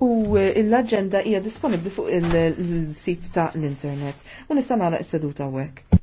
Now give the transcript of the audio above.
u eh, l-agenda hija disponibbli fuq il-sit ta' l-internet. U nista' nagħlaq is-seduta hawnhekk.